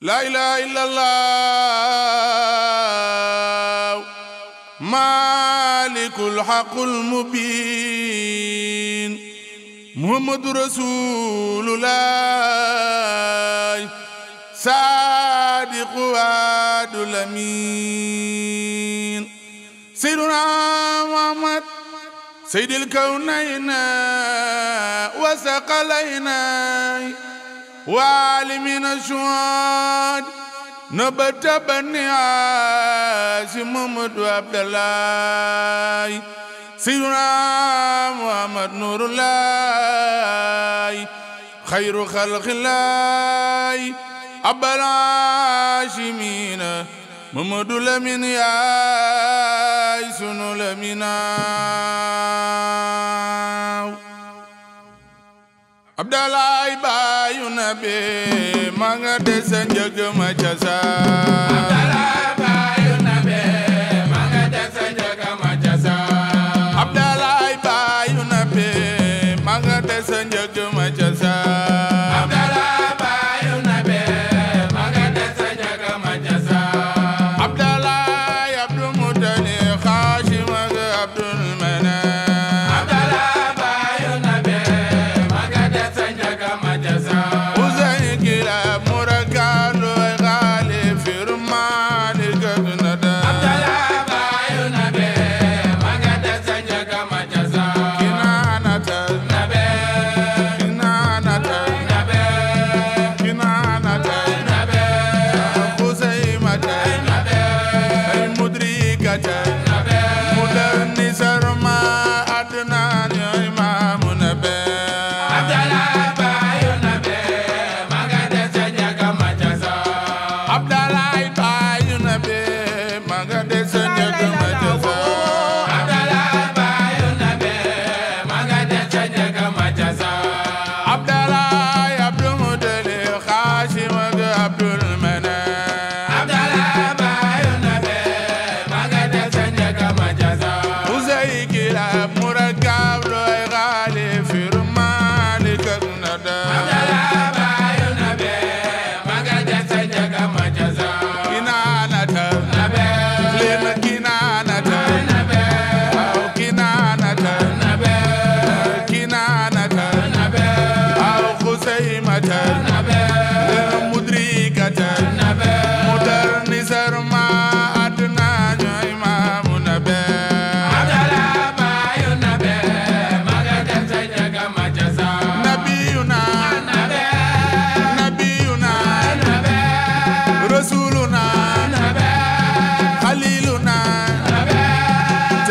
لا إله إلا الله مالك الحق المبين محمد رسول الله صادق وعد الأمين سيدنا محمد سيد الكونين وثقلين وعالمين الشهاد نبت بني عاصم محمد عبد الله سيدنا محمد نور الله خير خلق الله أبا العاشمين محمد لمن يا سنو لمنا Abdalaay baayu nabi ma nga dese njëg ma ca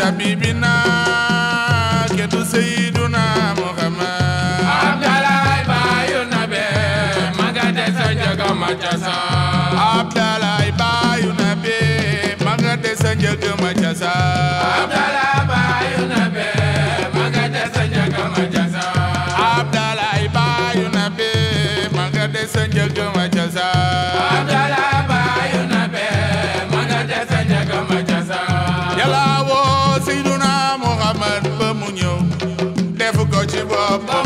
habibina ketu sayyiduna muhammad abdalay bayu nabe magade sa jaga macasa ba ba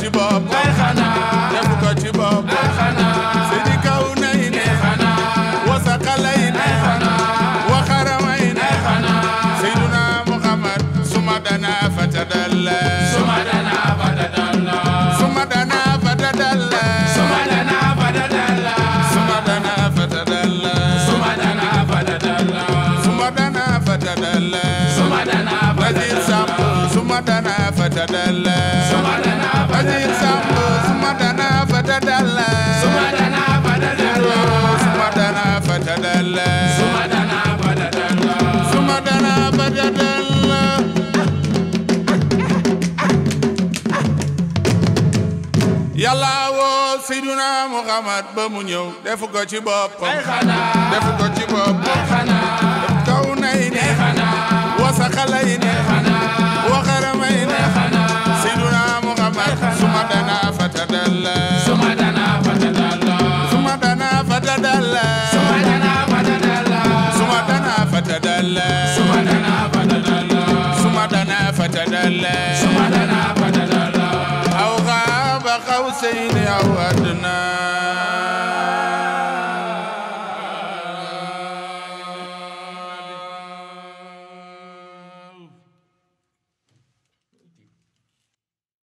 ci bopp day xanaa def ko ci bopp day xanaa sidi kaw nay ne xanaa wasakalay ne xanaa waxaramay ne xanaa sayyiduna muhammad suma dana fatadalla suma dana fatadalla suma dana fatadalla suma dana fatadalla suma dana fatadalla suma dana fatadalla suma dana fatadalla suma dana fatadalla suma dana fatadalla Aziz Samb suma dana fatadalla suma dana fatadalla suma dana fatadalla suma dana fatadalla suma dana fatadalla Yàlla woo Seydina Muhammad ba mu ñëw defu ko ci boppam defu ko ci boppam kaw nay ne wasa xalay ne فتدلى سمدنا فتدلى سمدنا فتدلى سمدنا فتدلى أو غاب قوسين أو أدنى